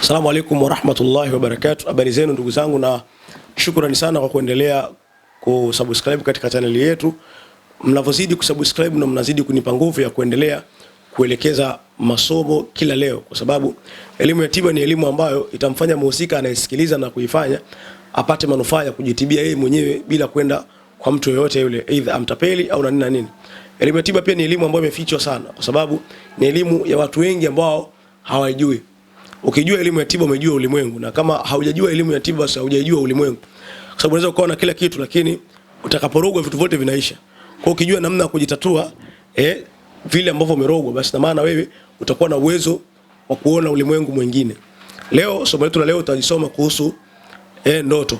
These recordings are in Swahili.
Asalamu alaykum wa rahmatullahi wa barakatuh. Habari zenu ndugu zangu, na shukrani sana kwa kuendelea kusubscribe katika chaneli yetu. Mnavyozidi kusubscribe na mnazidi kunipa nguvu ya kuendelea kuelekeza masomo kila leo, kwa sababu elimu ya tiba ni elimu ambayo itamfanya mhusika anayesikiliza na kuifanya apate manufaa ya kujitibia yeye mwenyewe bila kwenda kwa mtu yoyote yule, aidha amtapeli au na nini na nini. Elimu ya tiba pia ni elimu ambayo imefichwa sana, kwa sababu ni elimu ya watu wengi ambao hawajui. Ukijua elimu ya tiba umejua ulimwengu, na kama haujajua elimu ya tiba basi haujajua ulimwengu, kwa sababu unaweza ukawa na kila kitu, lakini utakaporogwa vitu vyote vinaisha. Kwa hiyo ukijua namna ya kujitatua eh, vile ambavyo umerogwa, basi na maana wewe utakuwa na uwezo wa kuona ulimwengu mwingine. Leo somo letu la leo tutajisoma kuhusu eh, ndoto.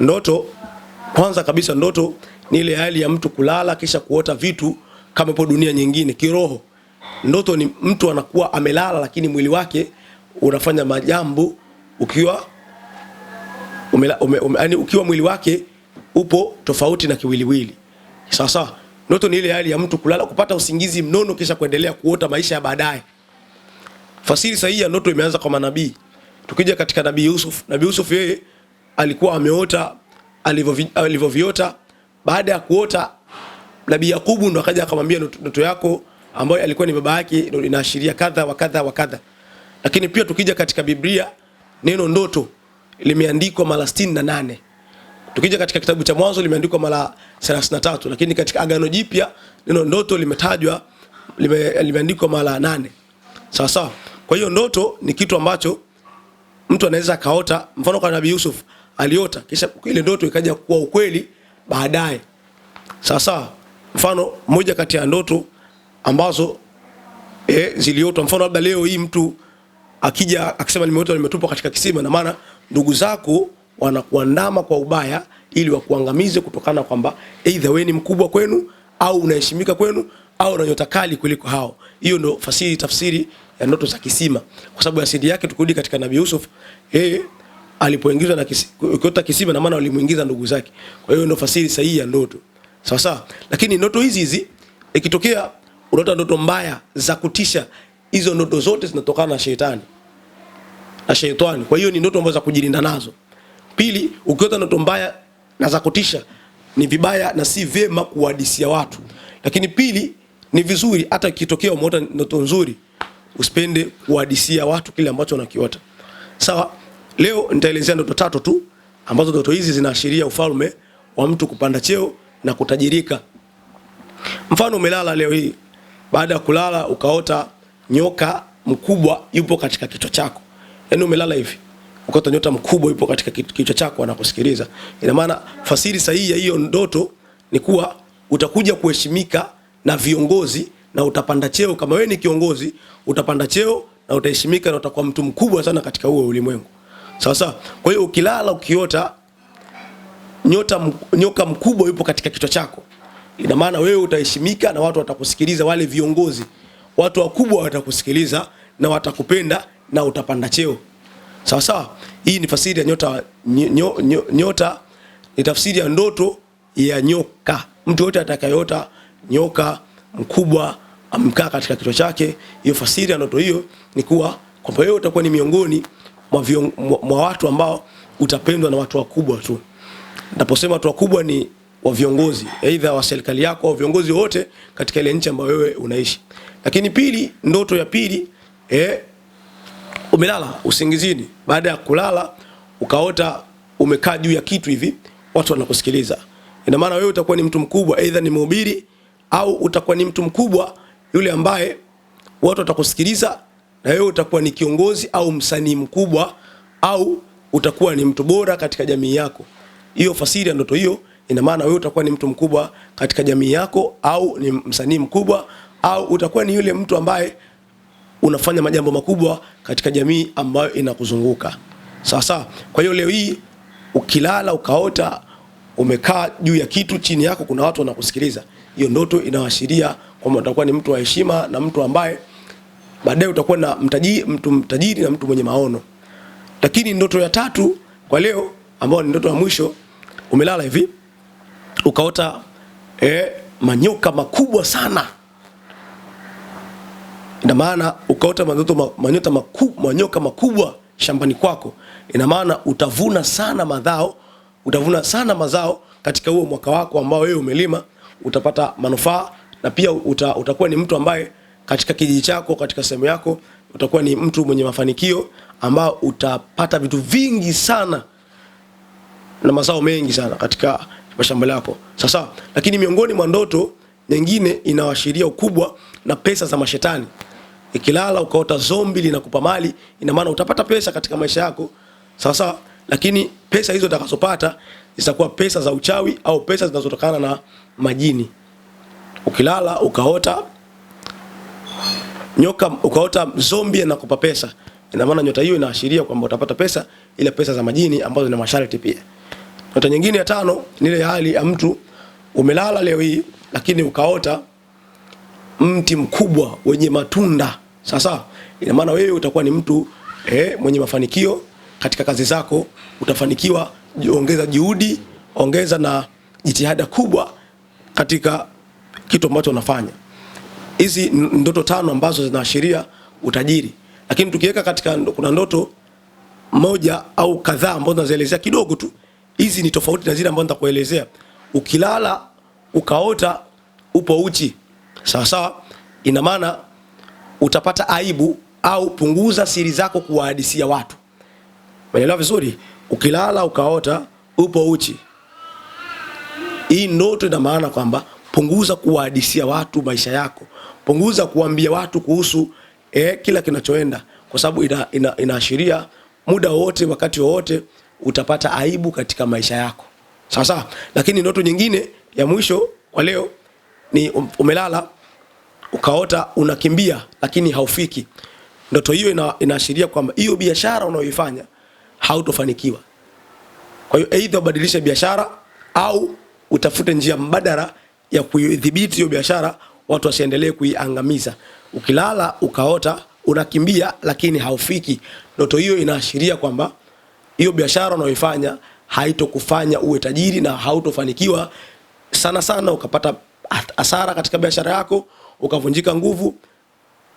Ndoto kwanza kabisa, ndoto ni ile hali ya mtu kulala kisha kuota vitu kama ipo dunia nyingine kiroho. Ndoto ni mtu anakuwa amelala, lakini mwili wake unafanya majambo ukiwa ume, ume, ume, yani ukiwa mwili wake upo tofauti na kiwiliwili. Sawa sawa. Ndoto ni ile hali ya mtu kulala kupata usingizi mnono kisha kuendelea kuota maisha ya baadaye. Fasiri sahihi ya ndoto imeanza kwa manabii. Tukija katika Nabii Yusuf, Nabii Yusuf yeye alikuwa ameota alivyoviota. Baada ya kuota, Nabii Yakubu ndo akaja akamwambia, ndoto yako ambayo alikuwa ni baba yake inaashiria kadha wa kadha wa kadha. Lakini pia tukija katika Biblia neno ndoto limeandikwa mara sitini na nane. Tukija katika kitabu cha Mwanzo limeandikwa mara tatu. lakini katika Agano Jipya neno ndoto limetajwa lime, limeandikwa mara nane. Sawa sawa. Kwa hiyo ndoto ni kitu ambacho mtu anaweza kaota. Mfano kwa Nabii Yusuf aliota, kisha ile ndoto ikaja kuwa ukweli baadaye. Sawa sawa. Mfano moja kati ya ndoto ambazo eh, ziliotwa, mfano labda leo hii mtu akija akisema nimeota nimetupwa katika kisima, na maana ndugu zako wanakuandama kwa ubaya ili wakuangamize, kutokana kwamba either wewe ni mkubwa kwenu au unaheshimika kwenu au una nyota kali kuliko hao. Hiyo ndio fasiri tafsiri ya ndoto za kisima, kwa sababu asili yake tukirudi katika Nabii Yusuf, yeye alipoingizwa na kiota kisima na maana walimuingiza ndugu zake. Kwa hiyo ndio fasiri sahihi ya ndoto, sawa sawa. Lakini ndoto hizi hizi ikitokea unaota ndoto mbaya za kutisha, hizo ndoto zote zinatokana na shetani na sheitani. Kwa hiyo ni ndoto ambazo za kujilinda nazo. Pili, ukiota ndoto mbaya na za kutisha ni vibaya na si vyema kuwadisia watu. Lakini pili, ni vizuri hata ikitokea umeota ndoto nzuri usipende kuwadisia watu kile ambacho unakiota. Sawa? Leo nitaelezea ndoto tatu tu ambazo ndoto hizi zinaashiria ufalme wa mtu kupanda cheo na kutajirika. Mfano, umelala leo hii, baada ya kulala ukaota nyoka mkubwa yupo katika kichwa chako yani umelala hivi ukata nyota mkubwa ipo katika kichwa chako, anakusikiliza. Ina maana fasiri sahihi ya hiyo ndoto ni kuwa utakuja kuheshimika na viongozi na utapanda cheo. Kama wewe ni kiongozi, utapanda cheo na utaheshimika na utakuwa mtu mkubwa sana katika huo ulimwengu, sawa sawa. Kwa hiyo ukilala ukiota nyota nyoka mkubwa yupo katika kichwa chako, ina maana wewe utaheshimika na watu watakusikiliza, wale viongozi, watu wakubwa watakusikiliza na watakupenda na utapanda cheo. Sawa sawa. Hii ni tafsiri ya nyota, nyo, nyo, nyota ni tafsiri ya ndoto ya nyoka. Mtu yote atakayeota nyoka mkubwa amkaa katika kichwa chake, hiyo fasiri ya ndoto hiyo ni kuwa kwamba wewe utakuwa ni miongoni mwa, vion, mwa watu ambao utapendwa na watu wakubwa tu. Naposema watu wakubwa ni wa viongozi aidha wa serikali yako au viongozi wote katika ile nchi ambayo wewe unaishi. Lakini pili, ndoto ya pili eh, umelala usingizini, baada ya kulala ukaota umekaa juu ya kitu hivi, watu wanakusikiliza, ina maana wewe utakuwa ni mtu mkubwa, aidha ni mhubiri au utakuwa ni mtu mkubwa yule ambaye watu watakusikiliza, na wewe utakuwa ni kiongozi au msanii mkubwa, au utakuwa ni mtu bora katika jamii yako. Hiyo fasiri ya ndoto hiyo ina maana wewe utakuwa ni mtu mkubwa katika jamii yako, au ni msanii mkubwa, au utakuwa ni yule mtu ambaye unafanya majambo makubwa katika jamii ambayo inakuzunguka sawa sawa. Kwa hiyo leo hii ukilala ukaota umekaa juu ya kitu, chini yako kuna watu wanakusikiliza, hiyo ndoto inaashiria kwamba utakuwa ni mtu wa heshima na mtu ambaye baadaye utakuwa na mtaji, mtu mtajiri na mtu mwenye maono. Lakini ndoto ya tatu kwa leo ambayo ni ndoto ya mwisho, umelala hivi ukaota eh, manyoka makubwa sana, ina maana ukaota manyota maku, manyoka makubwa shambani kwako, ina maana utavuna sana madhao, utavuna sana mazao katika huo mwaka wako ambao wewe umelima, utapata manufaa na pia uta, utakuwa ni mtu ambaye katika kijiji chako, katika sehemu yako utakuwa ni mtu mwenye mafanikio ambao utapata vitu vingi sana na mazao mengi sana katika mashamba yako. Sasa, lakini miongoni mwa ndoto nyingine inaashiria ukubwa na pesa za mashetani ikilala ukaota zombi linakupa mali, ina maana utapata pesa katika maisha yako sawasawa, lakini pesa hizo utakazopata zitakuwa pesa za uchawi au pesa zinazotokana na majini. Ukilala ukaota nyoka, ukaota zombi anakupa pesa, ina maana nyota hiyo inaashiria kwamba utapata pesa, ile pesa za majini ambazo zina masharti pia. Nyota nyingine ya tano ni ile hali ya mtu umelala leo hii, lakini ukaota mti mkubwa wenye matunda sasa ina maana wewe utakuwa ni mtu eh, mwenye mafanikio katika kazi zako, utafanikiwa. Ongeza juhudi, ongeza na jitihada kubwa katika kitu ambacho unafanya. Hizi ndoto tano ambazo zinaashiria utajiri, lakini tukiweka katika, kuna ndoto moja au kadhaa ambazo nazielezea kidogo tu. Hizi ni tofauti na zile ambazo nitakuelezea. Ukilala ukaota upo uchi, sawa sawa, ina maana utapata aibu au punguza siri zako kuwahadisia watu. Umeelewa vizuri? Ukilala ukaota upo uchi, hii ndoto ina maana kwamba punguza kuwahadisia watu maisha yako, punguza kuambia watu kuhusu eh, kila kinachoenda, kwa sababu inaashiria ina muda wowote, wakati wowote utapata aibu katika maisha yako. Sawa sawa. Lakini ndoto nyingine ya mwisho kwa leo ni um, umelala ukaota unakimbia lakini haufiki, ndoto hiyo ina, inaashiria kwamba hiyo biashara unayoifanya hautofanikiwa. Kwa hiyo aidha ubadilishe biashara au utafute njia mbadala ya kuidhibiti hiyo biashara, watu wasiendelee kuiangamiza. Ukilala ukaota unakimbia lakini haufiki, ndoto hiyo inaashiria kwamba hiyo biashara unayoifanya haitokufanya uwe tajiri na hautofanikiwa sana sana, ukapata hasara katika biashara yako ukavunjika nguvu.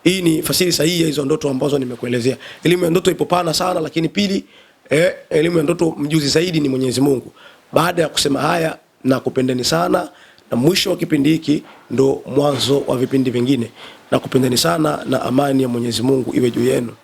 Hii ni fasiri sahihi ya hizo ndoto ambazo nimekuelezea. Elimu ya ndoto ipo pana sana, lakini pili eh, elimu ya ndoto mjuzi zaidi ni Mwenyezi Mungu. Baada ya kusema haya, kupendeni sana na mwisho wa kipindi hiki ndo mwanzo wa vipindi vingine. na kupendeni sana na amani ya Mwenyezi Mungu iwe juu yenu.